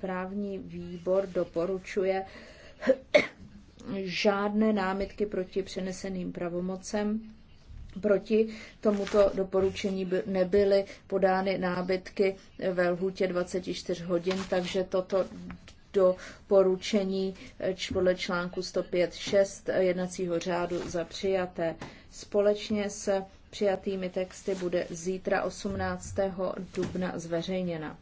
právní výbor doporučuje žádné námitky proti přeneseným pravomocem. Proti tomuto doporučení by nebyly podány nábytky ve lhůtě 24 hodin, takže toto doporučení eh, podle článku 105.6 jednacího řádu za přijaté. Společně se přijatými texty bude zítra 18. dubna zveřejněna.